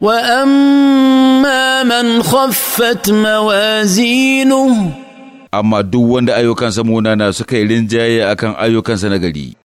واما من خفت موازينه amma duk wanda ayyukansa munana suka yi rinjaye akan ayyukansa nagari